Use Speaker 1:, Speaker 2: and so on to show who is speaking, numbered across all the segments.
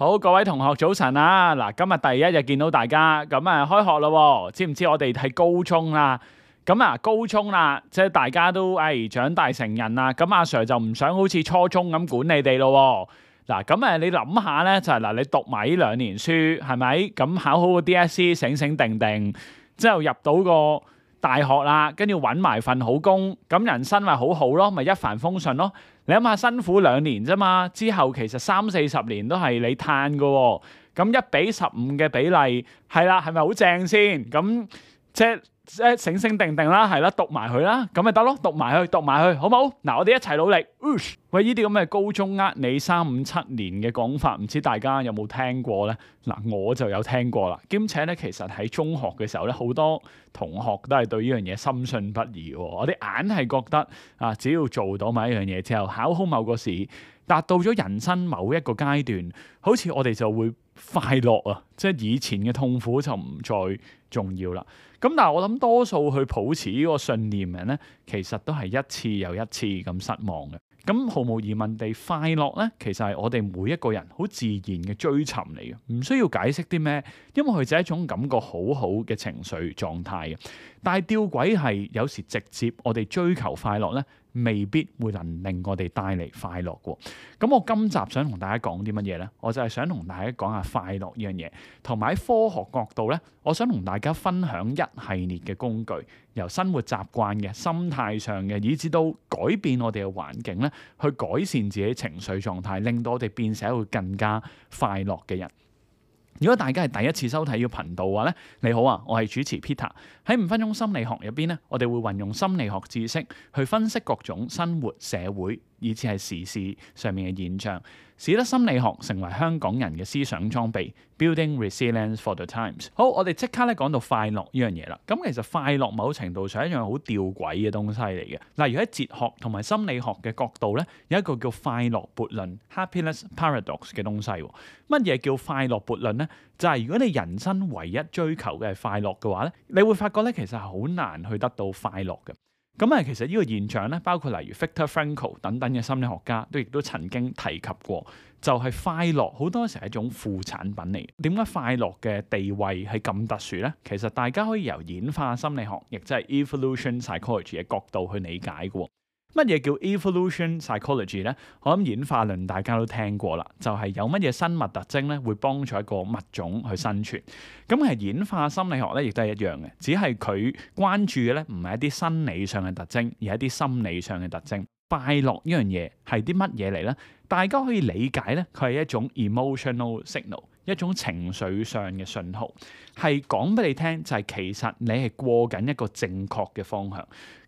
Speaker 1: 好，各位同學早晨啊！嗱，今日第一日見到大家，咁啊開學啦，知唔知我哋喺高中啦？咁啊高中啦，即係大家都誒長大成人啦。咁阿 Sir 就唔想好似初中咁管你哋咯。嗱，咁啊你諗下呢，就係嗱，你讀埋呢兩年書係咪？咁考好個 DSE，醒醒定定，之後入到個大學啦，跟住要搵埋份好工，咁人生咪好好咯，咪一帆風順咯。你諗下辛苦兩年啫嘛，之後其實三四十年都係你嘆嘅喎，咁一比十五嘅比例，係啦，係咪好正先？咁即係。即醒醒定定啦，係啦，讀埋佢啦，咁咪得咯，讀埋佢，讀埋佢，好唔好？嗱，我哋一齊努力。呃、喂，呢啲咁嘅高中呃你三五七年嘅講法，唔知大家有冇聽過呢？嗱，我就有聽過啦。兼且呢，其實喺中學嘅時候呢，好多同學都係對呢樣嘢深信不疑。我哋硬係覺得啊，只要做到某一樣嘢之後，考好某個試，達到咗人生某一個階段，好似我哋就會快樂啊！即係以前嘅痛苦就唔再。重要啦，咁但係我諗多數去抱持呢個信念嘅人呢，其實都係一次又一次咁失望嘅。咁毫無疑問地，快樂呢，其實係我哋每一個人好自然嘅追尋嚟嘅，唔需要解釋啲咩，因為佢就係一種感覺好好嘅情緒狀態嘅。但係吊詭係有時直接我哋追求快樂呢。未必會能令我哋帶嚟快樂喎。咁我今集想同大家講啲乜嘢呢？我就係想同大家講下快樂呢樣嘢，同埋喺科學角度呢，我想同大家分享一系列嘅工具，由生活習慣嘅、心態上嘅，以至到改變我哋嘅環境呢，去改善自己情緒狀態，令到我哋變成一個更加快樂嘅人。如果大家係第一次收睇呢個頻道嘅話呢，你好啊，我係主持 Peter。喺五分鐘心理學入邊咧，我哋會運用心理學知識去分析各種生活社會。以至係時事上面嘅現象，使得心理學成為香港人嘅思想裝備。Building resilience for the times。好，我哋即刻咧講到快樂呢樣嘢啦。咁其實快樂某程度上係一樣好吊詭嘅東西嚟嘅。例如喺哲學同埋心理學嘅角度咧，有一個叫快樂悖論 （happiness paradox） 嘅東西。乜嘢叫快樂悖論呢？就係如果你人生唯一追求嘅係快樂嘅話咧，你會發覺咧其實係好難去得到快樂嘅。咁啊，其實呢個現象咧，包括例如 Victor Frankl 等等嘅心理學家，都亦都曾經提及過，就係快樂好多時係一種副產品嚟嘅。點解快樂嘅地位係咁特殊呢？其實大家可以由演化心理學，亦即係 Evolution Psychology 嘅角度去理解嘅喎。乜嘢叫 evolution psychology 咧？我諗演化論大家都聽過啦，就係有乜嘢生物特徵咧，會幫助一個物種去生存。咁係演化心理學咧，亦都係一樣嘅，只係佢關注嘅咧，唔係一啲生理上嘅特徵，而係一啲心理上嘅特徵。快樂呢樣嘢係啲乜嘢嚟咧？大家可以理解咧，佢係一種 emotional signal。一種情緒上嘅信號，係講俾你聽，就係其實你係過緊一個正確嘅方向。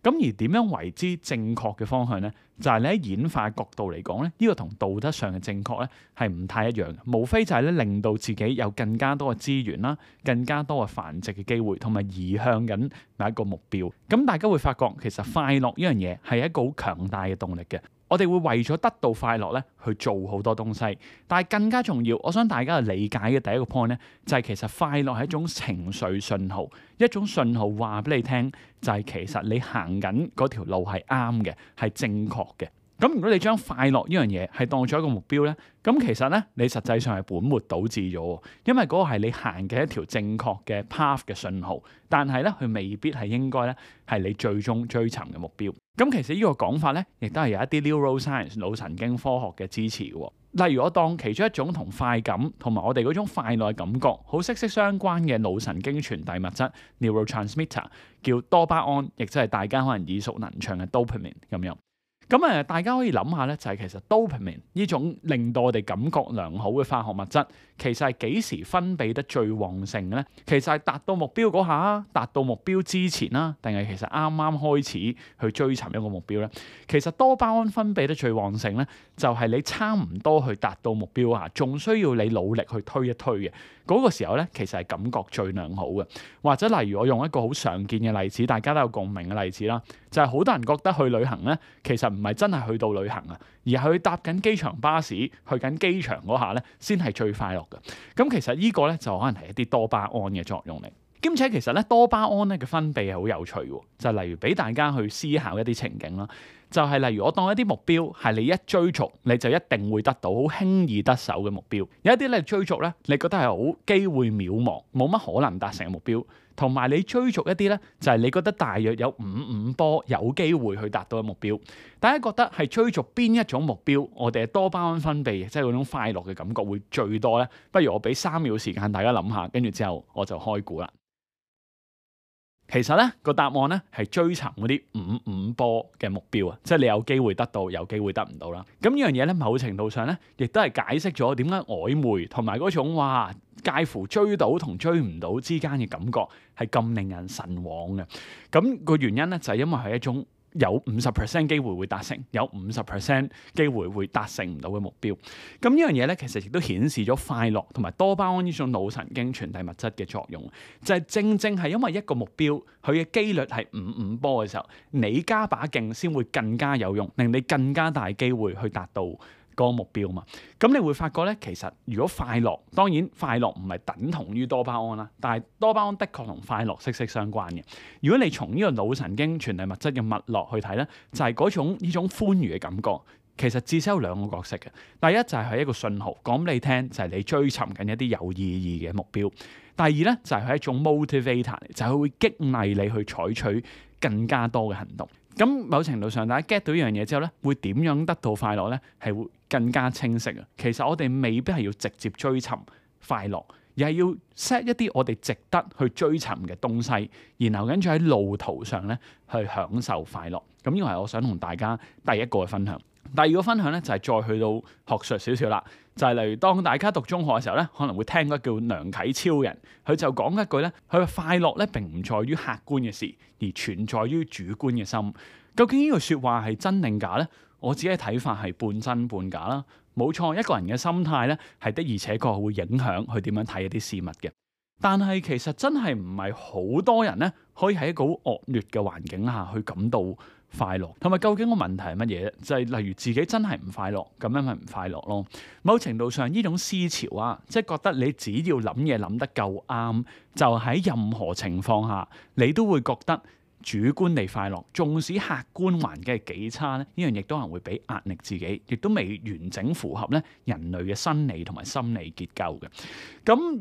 Speaker 1: 咁而點樣為之正確嘅方向呢？就係你喺演化角度嚟講咧，呢個同道德上嘅正確呢係唔太一樣嘅。無非就係咧令到自己有更加多嘅資源啦，更加多嘅繁殖嘅機會，同埋移向緊某一個目標。咁大家會發覺，其實快樂呢樣嘢係一個好強大嘅動力嘅。我哋會為咗得到快樂咧，去做好多東西。但係更加重要，我想大家去理解嘅第一個 point 咧，就係其實快樂係一種情緒信號，一種信號話俾你聽，就係其實你行緊嗰條路係啱嘅，係正確嘅。咁如果你將快樂呢樣嘢係當咗一個目標呢，咁其實呢，你實際上係本末倒置咗喎，因為嗰個係你行嘅一條正確嘅 path 嘅信號，但係呢，佢未必係應該呢，係你最終追尋嘅目標。咁其實呢個講法呢，亦都係有一啲 neuroscience 腦神經科學嘅支持嘅。例如我當其中一種同快感同埋我哋嗰種快樂嘅感覺好息息相關嘅腦神經傳遞物質 neurotransmitter 叫多巴胺，亦即係大家可能耳熟能詳嘅 dopamine 咁樣。咁誒，大家可以諗下呢就係、是、其實多巴 e 呢種令到我哋感覺良好嘅化學物質，其實係幾時分泌得最旺盛嘅咧？其實係達到目標嗰下啊，達到目標之前啦，定係其實啱啱開始去追尋一個目標呢？其實多巴胺分泌得最旺盛呢，就係、是、你差唔多去達到目標啊，仲需要你努力去推一推嘅嗰、那個時候呢，其實係感覺最良好嘅。或者例如我用一個好常見嘅例子，大家都有共鳴嘅例子啦，就係、是、好多人覺得去旅行呢。其實。唔係真係去到旅行啊，而係去搭緊機場巴士，去緊機場嗰下呢，先係最快樂嘅。咁其實呢個呢，就可能係一啲多巴胺嘅作用嚟。兼且其實呢，多巴胺呢嘅分泌係好有趣，就例如俾大家去思考一啲情景啦。就係例如我當一啲目標係你一追逐你就一定會得到，好輕易得手嘅目標。有一啲咧追逐呢，你覺得係好機會渺茫，冇乜可能達成嘅目標。同埋你追逐一啲呢，就係你覺得大約有五五波有機會去達到嘅目標。大家覺得係追逐邊一種目標，我哋多巴胺分泌，即係嗰種快樂嘅感覺會最多呢？不如我俾三秒時間大家諗下，跟住之後我就開估啦。其實呢個答案呢，係追尋嗰啲五五波嘅目標啊，即係你有機會得到，有機會得唔到啦。咁呢樣嘢呢，某程度上呢，亦都係解釋咗點解曖昧同埋嗰種哇，介乎追到同追唔到之間嘅感覺係咁令人神往嘅，咁個原因呢，就係因為係一種有五十 percent 機會會達成，有五十 percent 機會會達成唔到嘅目標。咁呢樣嘢呢，其實亦都顯示咗快樂同埋多巴胺呢種腦神經傳遞物質嘅作用，就係正正係因為一個目標佢嘅機率係五五波嘅時候，你加把勁先會更加有用，令你更加大機會去達到。多目標嘛，咁你會發覺咧，其實如果快樂，當然快樂唔係等同於多巴胺啦，但係多巴胺的確同快樂息息相關嘅。如果你從呢個腦神經傳遞物質嘅脈絡去睇咧，就係、是、嗰種呢種歡愉嘅感覺，其實至少有兩個角色嘅。第一就係係一個信號，講俾你聽就係、是、你追尋緊一啲有意義嘅目標。第二咧就係係一種 motivator，就係佢會激勵你去採取更加多嘅行動。咁某程度上，大家 get 到一樣嘢之後咧，會點樣得到快樂咧？係會更加清晰啊！其實我哋未必係要直接追尋快樂，而係要 set 一啲我哋值得去追尋嘅東西，然後跟住喺路途上咧去享受快樂，咁呢個係我想同大家第一個嘅分享。第二個分享咧就係再去到學術少少啦，就係例如當大家讀中學嘅時候咧，可能會聽嗰叫梁啟超人，佢就講一句咧，佢嘅快樂咧並唔在於客觀嘅事，而存在於主觀嘅心。究竟呢句説話係真定假呢？我自己嘅睇法係半真半假啦。冇錯，一個人嘅心態咧係的而且確會影響佢點樣睇一啲事物嘅。但係其實真係唔係好多人呢，可以喺一個惡劣嘅環境下去感到快樂。同埋，究竟個問題係乜嘢咧？就係例如自己真係唔快樂，咁樣咪唔快樂咯。某程度上，呢種思潮啊，即係覺得你只要諗嘢諗得夠啱，就喺任何情況下，你都會覺得主觀地快樂，縱使客觀環境係幾差呢，依樣亦都係會俾壓力自己，亦都未完整符合咧人類嘅生理同埋心理結構嘅。咁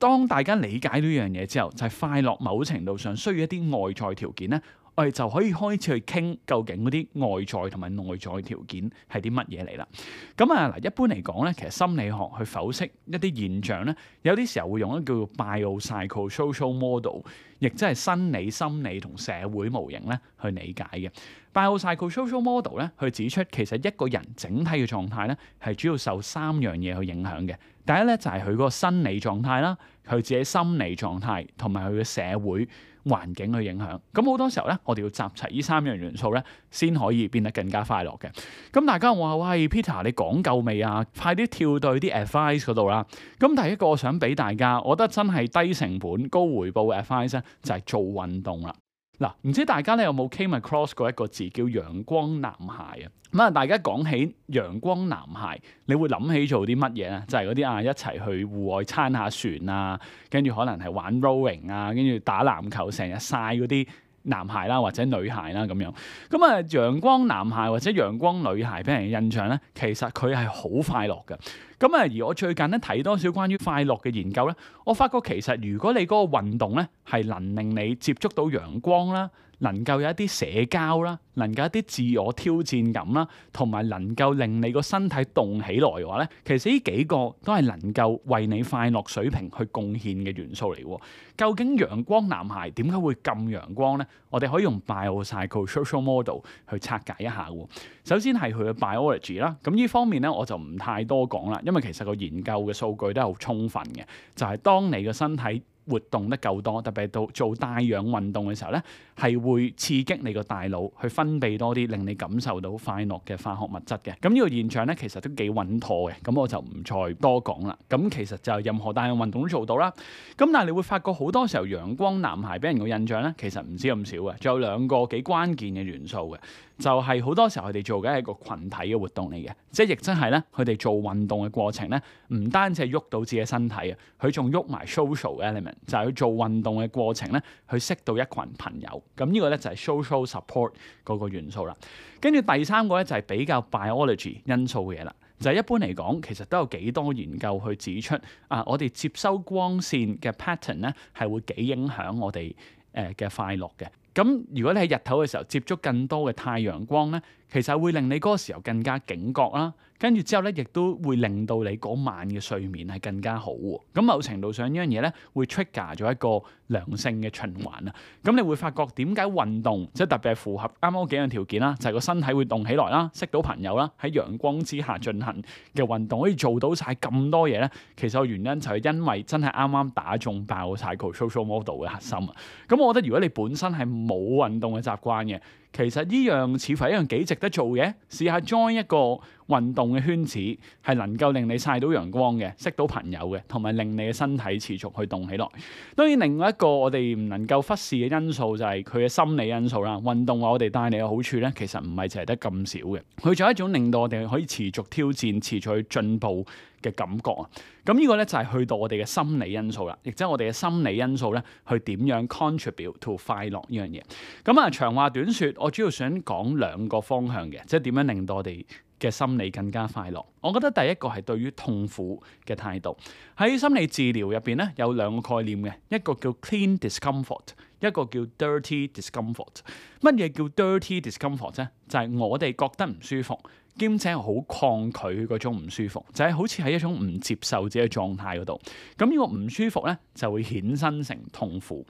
Speaker 1: 當大家理解呢樣嘢之後，就係、是、快樂某程度上需要一啲外在條件咧。我哋就可以開始去傾究竟嗰啲外在同埋內在條件係啲乜嘢嚟啦。咁啊嗱，一般嚟講咧，其實心理學去剖析一啲現象咧，有啲時候會用一叫做 Biopsychosocial model，亦即係生理、心理同社會模型咧去理解嘅。Biopsychosocial model 咧，去指出其實一個人整體嘅狀態咧，係主要受三樣嘢去影響嘅。第一咧就係佢嗰個生理狀態啦，佢自己心理狀態同埋佢嘅社會環境去影響，咁好多時候咧，我哋要集齊呢三樣元素咧，先可以變得更加快樂嘅。咁大家話，喂，Peter，你講夠未啊？快啲跳到啲 advice 嗰度啦。咁第一個我想俾大家，我覺得真係低成本高回報嘅 advice 咧，就係做運動啦。嗱，唔知大家咧有冇 came across 過一個字叫陽光男孩啊？咁啊，大家講起陽光男孩，你會諗起做啲乜嘢啊？就係嗰啲啊一齊去戶外撐下船啊，跟住可能係玩 rowing 啊，跟住打籃球，成日曬嗰啲男孩啦或者女孩啦咁樣。咁啊，陽光男孩或者陽光女孩俾人印象咧，其實佢係好快樂嘅。咁啊，而我最近咧睇多少關於快樂嘅研究咧，我發覺其實如果你嗰個運動咧係能令你接觸到陽光啦，能夠有一啲社交啦，能夠有一啲自我挑戰感啦，同埋能夠令你個身體動起來嘅話咧，其實呢幾個都係能夠為你快樂水平去貢獻嘅元素嚟嘅。究竟陽光男孩點解會咁陽光呢？我哋可以用 bio-psycho-social model 去拆解一下喎。首先係佢嘅 biology 啦，咁呢方面咧我就唔太多講啦，因為其實個研究嘅數據都係好充分嘅，就係當你嘅身體活動得夠多，特別到做帶氧運動嘅時候咧，係會刺激你個大腦去分泌多啲令你感受到快樂嘅化學物質嘅。咁呢個現象咧其實都幾穩妥嘅，咁我就唔再多講啦。咁其實就任何帶氧運動都做到啦。咁但係你會發覺好多時候陽光男孩俾人嘅印象咧，其實唔止咁少嘅，仲有兩個幾關鍵嘅元素嘅。就係好多時候佢哋做緊一個群體嘅活動嚟嘅，即係亦真係咧，佢哋做運動嘅過程咧，唔單止係喐到自己身體啊，佢仲喐埋 social element，就係去做運動嘅過程咧，佢識到一群朋友。咁呢個咧就係 social support 嗰個元素啦。跟住第三個咧就係比較 biology 因素嘅嘢啦，就係一般嚟講，其實都有幾多研究去指出啊，我哋接收光線嘅 pattern 咧係會幾影響我哋誒嘅快樂嘅。咁如果你喺日頭嘅時候接觸更多嘅太陽光咧，其實會令你嗰個時候更加警覺啦，跟住之後咧亦都會令到你嗰晚嘅睡眠係更加好。咁某程度上呢樣嘢咧會 trigger 咗一個良性嘅循環啦。咁、嗯嗯、你會發覺點解運動即係特別係符合啱啱幾樣條件啦，就係、是、個身體會動起來啦，識到朋友啦，喺陽光之下進行嘅運動可以做到晒咁多嘢咧。其實個原因就係因為真係啱啱打中爆晒個 social model 嘅核心啊。咁、嗯嗯、我覺得如果你本身係，冇運動嘅習慣嘅。其實呢樣似乎係一樣幾值得做嘅，試下 join 一個運動嘅圈子，係能夠令你曬到陽光嘅，識到朋友嘅，同埋令你嘅身體持續去動起來。當然，另外一個我哋唔能夠忽視嘅因素就係佢嘅心理因素啦。運動話我哋帶你嘅好處呢，其實唔係淨係得咁少嘅，佢仲有一種令到我哋可以持續挑戰、持續去進步嘅感覺啊。咁呢個呢，就係去到我哋嘅心理因素啦，亦即係我哋嘅心理因素呢，去點樣 contribute to 快樂呢樣嘢。咁啊，長話短說。我主要想講兩個方向嘅，即係點樣令到我哋嘅心理更加快樂。我覺得第一個係對於痛苦嘅態度。喺心理治療入邊咧，有兩個概念嘅，一個叫 clean discomfort，一個叫 dirty discomfort。乜嘢叫 dirty discomfort 咧？就係我哋覺得唔舒服。兼且好抗拒嗰種唔舒服，就係好似係喺一種唔接受自己嘅狀態嗰度。咁呢個唔舒服呢，就會衍生成痛苦。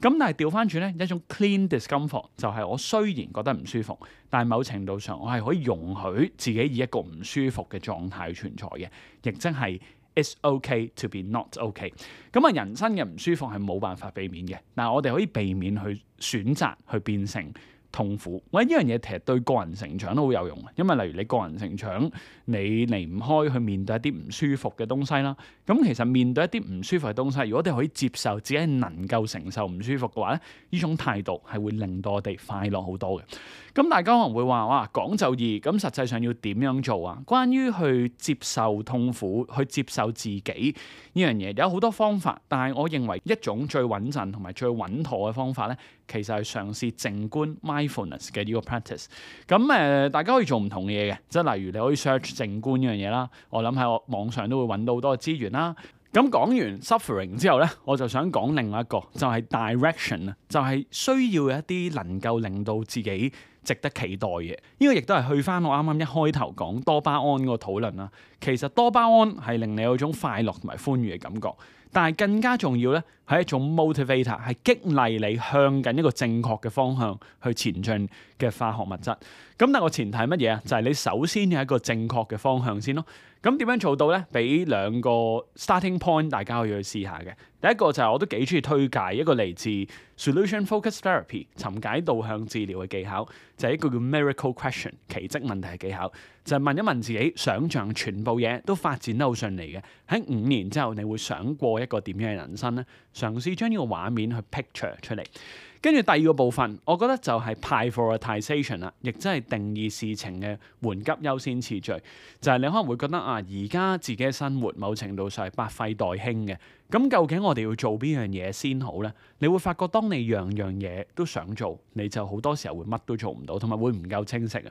Speaker 1: 咁但係調翻轉呢，一種 clean discomfort 就係我雖然覺得唔舒服，但係某程度上我係可以容許自己以一個唔舒服嘅狀態存在嘅，亦即係 it's okay to be not okay。咁啊，人生嘅唔舒服係冇辦法避免嘅，但係我哋可以避免去選擇去變成痛苦，我呢樣嘢其實對個人成長都好有用嘅，因為例如你個人成長，你離唔開去面對一啲唔舒服嘅東西啦。咁其實面對一啲唔舒服嘅東西，如果你可以接受自己能夠承受唔舒服嘅話咧，呢種態度係會令到我哋快樂好多嘅。咁大家可能會話哇，講就易，咁實際上要點樣做啊？關於去接受痛苦，去接受自己呢樣嘢，有好多方法，但係我認為一種最穩陣同埋最穩妥嘅方法咧。其實係嘗試靜觀 mindfulness 嘅呢個 practice。咁誒，大家可以做唔同嘅嘢嘅，即係例如你可以 search 靜觀呢樣嘢啦。我諗喺我網上都會揾到好多資源啦。咁講完 suffering 之後呢，我就想講另外一個，就係 direction 啦，就係需要一啲能夠令到自己值得期待嘅。呢個亦都係去返我啱啱一開頭講多巴胺嗰個討論啦。其實多巴胺係令你有種快樂同埋歡愉嘅感覺。但係更加重要咧，係一種 motivator，係激勵你向緊一個正確嘅方向去前進嘅化學物質。咁但係個前提係乜嘢啊？就係你首先有一個正確嘅方向先咯。咁點樣做到咧？俾兩個 starting point，大家可以去試下嘅。第一個就係我都幾中意推介一個嚟自 Solution Focus Therapy 尋解導向治療嘅技巧，就係、是、一個叫 Miracle Question 奇蹟問題嘅技巧，就係、是、問一問自己，想像全部嘢都發展得好順利嘅，喺五年之後，你會想過一個點樣嘅人生呢？嘗試將呢個畫面去 picture 出嚟。跟住第二個部分，我覺得就係 prioritization 啦，亦即係定義事情嘅緩急優先次序，就係、是、你可能會覺得啊，而家自己嘅生活某程度上係百廢待興嘅。咁究竟我哋要做邊樣嘢先好呢？你會發覺，當你樣樣嘢都想做，你就好多時候會乜都做唔到，同埋會唔夠清晰嘅。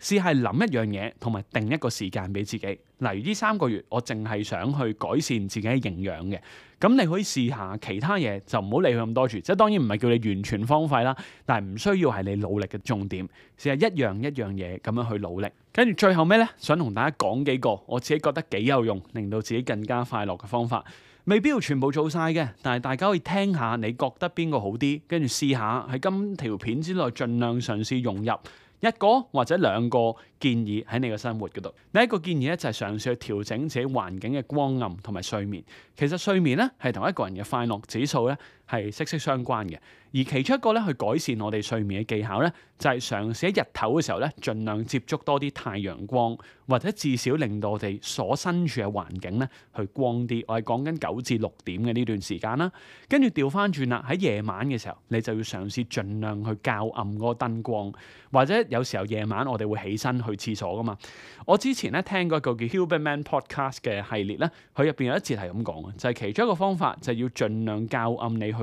Speaker 1: 試下諗一樣嘢，同埋定一個時間俾自己。例如呢三個月，我淨係想去改善自己嘅營養嘅。咁你可以試下其他嘢，就唔好理佢咁多住。即係當然唔係叫你完全荒廢啦，但係唔需要係你努力嘅重點。試下一樣一樣嘢咁樣去努力。跟住最後咩呢？想同大家講幾個我自己覺得幾有用，令到自己更加快樂嘅方法。未必要全部做晒嘅，但係大家可以聽下，你覺得邊個好啲，跟住試下。喺今條片之內，盡量嘗試融入一個或者兩個。建議喺你嘅生活嗰度，第一個建議咧就係嘗試去調整自己環境嘅光暗同埋睡眠。其實睡眠咧係同一個人嘅快樂指數咧係息息相關嘅。而其中一個咧去改善我哋睡眠嘅技巧咧，就係嘗試喺日頭嘅時候咧，盡量接觸多啲太陽光，或者至少令到我哋所身處嘅環境咧去光啲。我係講緊九至六點嘅呢段時間啦，跟住調翻轉啦，喺夜晚嘅時候，你就要嘗試盡量去較暗嗰個燈光，或者有時候夜晚我哋會起身。去廁所噶嘛？我之前咧聽過一個叫 Huberman Podcast 嘅系列咧，佢入邊有一節係咁講嘅，就係、是、其中一個方法就係要盡量較暗你去去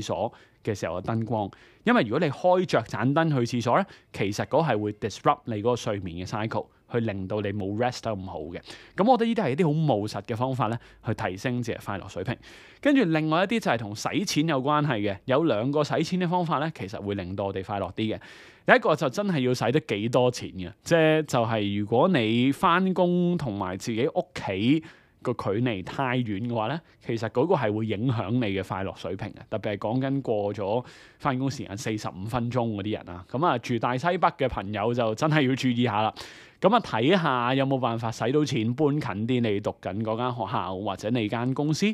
Speaker 1: 廁所嘅時候嘅燈光，因為如果你開着盞燈去廁所咧，其實嗰係會 disrupt 你嗰個睡眠嘅 cycle，去令到你冇 rest 得咁好嘅。咁我覺得呢啲係一啲好務實嘅方法咧，去提升自己快樂水平。跟住另外一啲就係同使錢有關係嘅，有兩個使錢嘅方法咧，其實會令到我哋快樂啲嘅。有一個就真係要使得幾多錢嘅，即係就係、是、如果你翻工同埋自己屋企個距離太遠嘅話呢，其實嗰個係會影響你嘅快樂水平嘅，特別係講緊過咗返工時間四十五分鐘嗰啲人啊。咁啊，住大西北嘅朋友就真係要注意下啦。咁啊，睇下有冇辦法使到錢搬近啲你讀緊嗰間學校或者你間公司，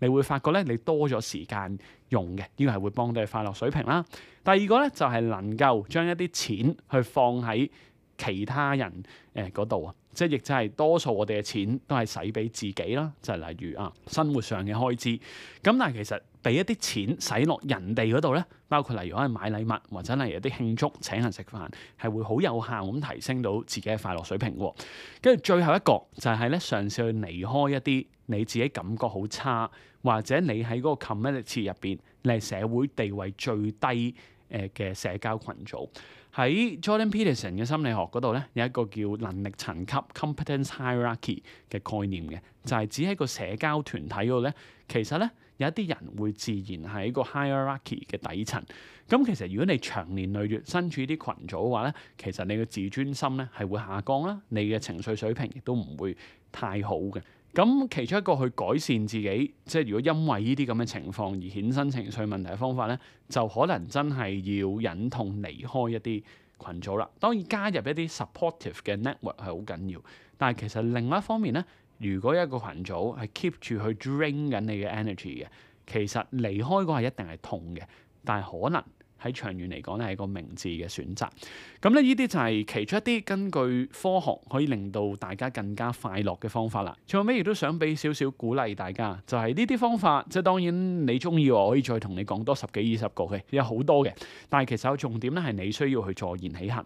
Speaker 1: 你會發覺呢，你多咗時間用嘅，呢個係會幫到你快樂水平啦。第二個呢，就係能夠將一啲錢去放喺其他人誒嗰度啊。即係亦即係多數我哋嘅錢都係使俾自己啦，就係、是、例如啊，生活上嘅開支。咁但係其實俾一啲錢使落人哋嗰度呢，包括例如可能買禮物或者係有啲慶祝請人食飯，係會好有效咁提升到自己嘅快樂水平嘅。跟住最後一個就係咧，嘗試去離開一啲你自己感覺好差，或者你喺嗰個 community 入邊你係社會地位最低。誒嘅社交群組。喺 Jordan Peterson 嘅心理學嗰度咧，有一個叫能力層級 competence hierarchy 嘅概念嘅，就係指喺個社交團體嗰度咧，其實咧有一啲人會自然喺個 hierarchy 嘅底層。咁其實如果你長年累月身處啲群組嘅話咧，其實你嘅自尊心咧係會下降啦，你嘅情緒水平亦都唔會太好嘅。咁其中一個去改善自己，即係如果因為呢啲咁嘅情況而衍生情緒問題嘅方法呢，就可能真係要忍痛離開一啲群組啦。當然加入一啲 supportive 嘅 network 係好緊要，但係其實另外一方面呢，如果一個群組係 keep 住去 drain 緊你嘅 energy 嘅，其實離開嗰陣係一定係痛嘅，但係可能。喺長遠嚟講咧係個明智嘅選擇，咁咧呢啲就係其中一啲根據科學可以令到大家更加快樂嘅方法啦。最後尾亦都想俾少少鼓勵大家，就係呢啲方法，即係當然你中意我，我可以再同你講多十幾二十個嘅、欸，有好多嘅。但係其實有重點咧係你需要去坐言起行。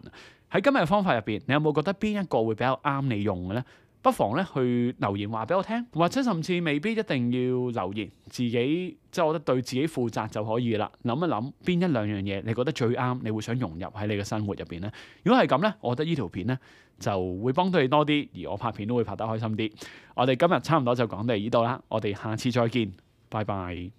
Speaker 1: 喺今日嘅方法入邊，你有冇覺得邊一個會比較啱你用嘅呢？不妨咧去留言話俾我聽，或者甚至未必一定要留言，自己即係、就是、我覺得對自己負責就可以啦。諗一諗邊一兩樣嘢你覺得最啱，你會想融入喺你嘅生活入邊呢？如果係咁呢，我覺得呢條片呢就會幫到你多啲，而我拍片都會拍得開心啲。我哋今日差唔多就講到呢度啦，我哋下次再見，拜拜。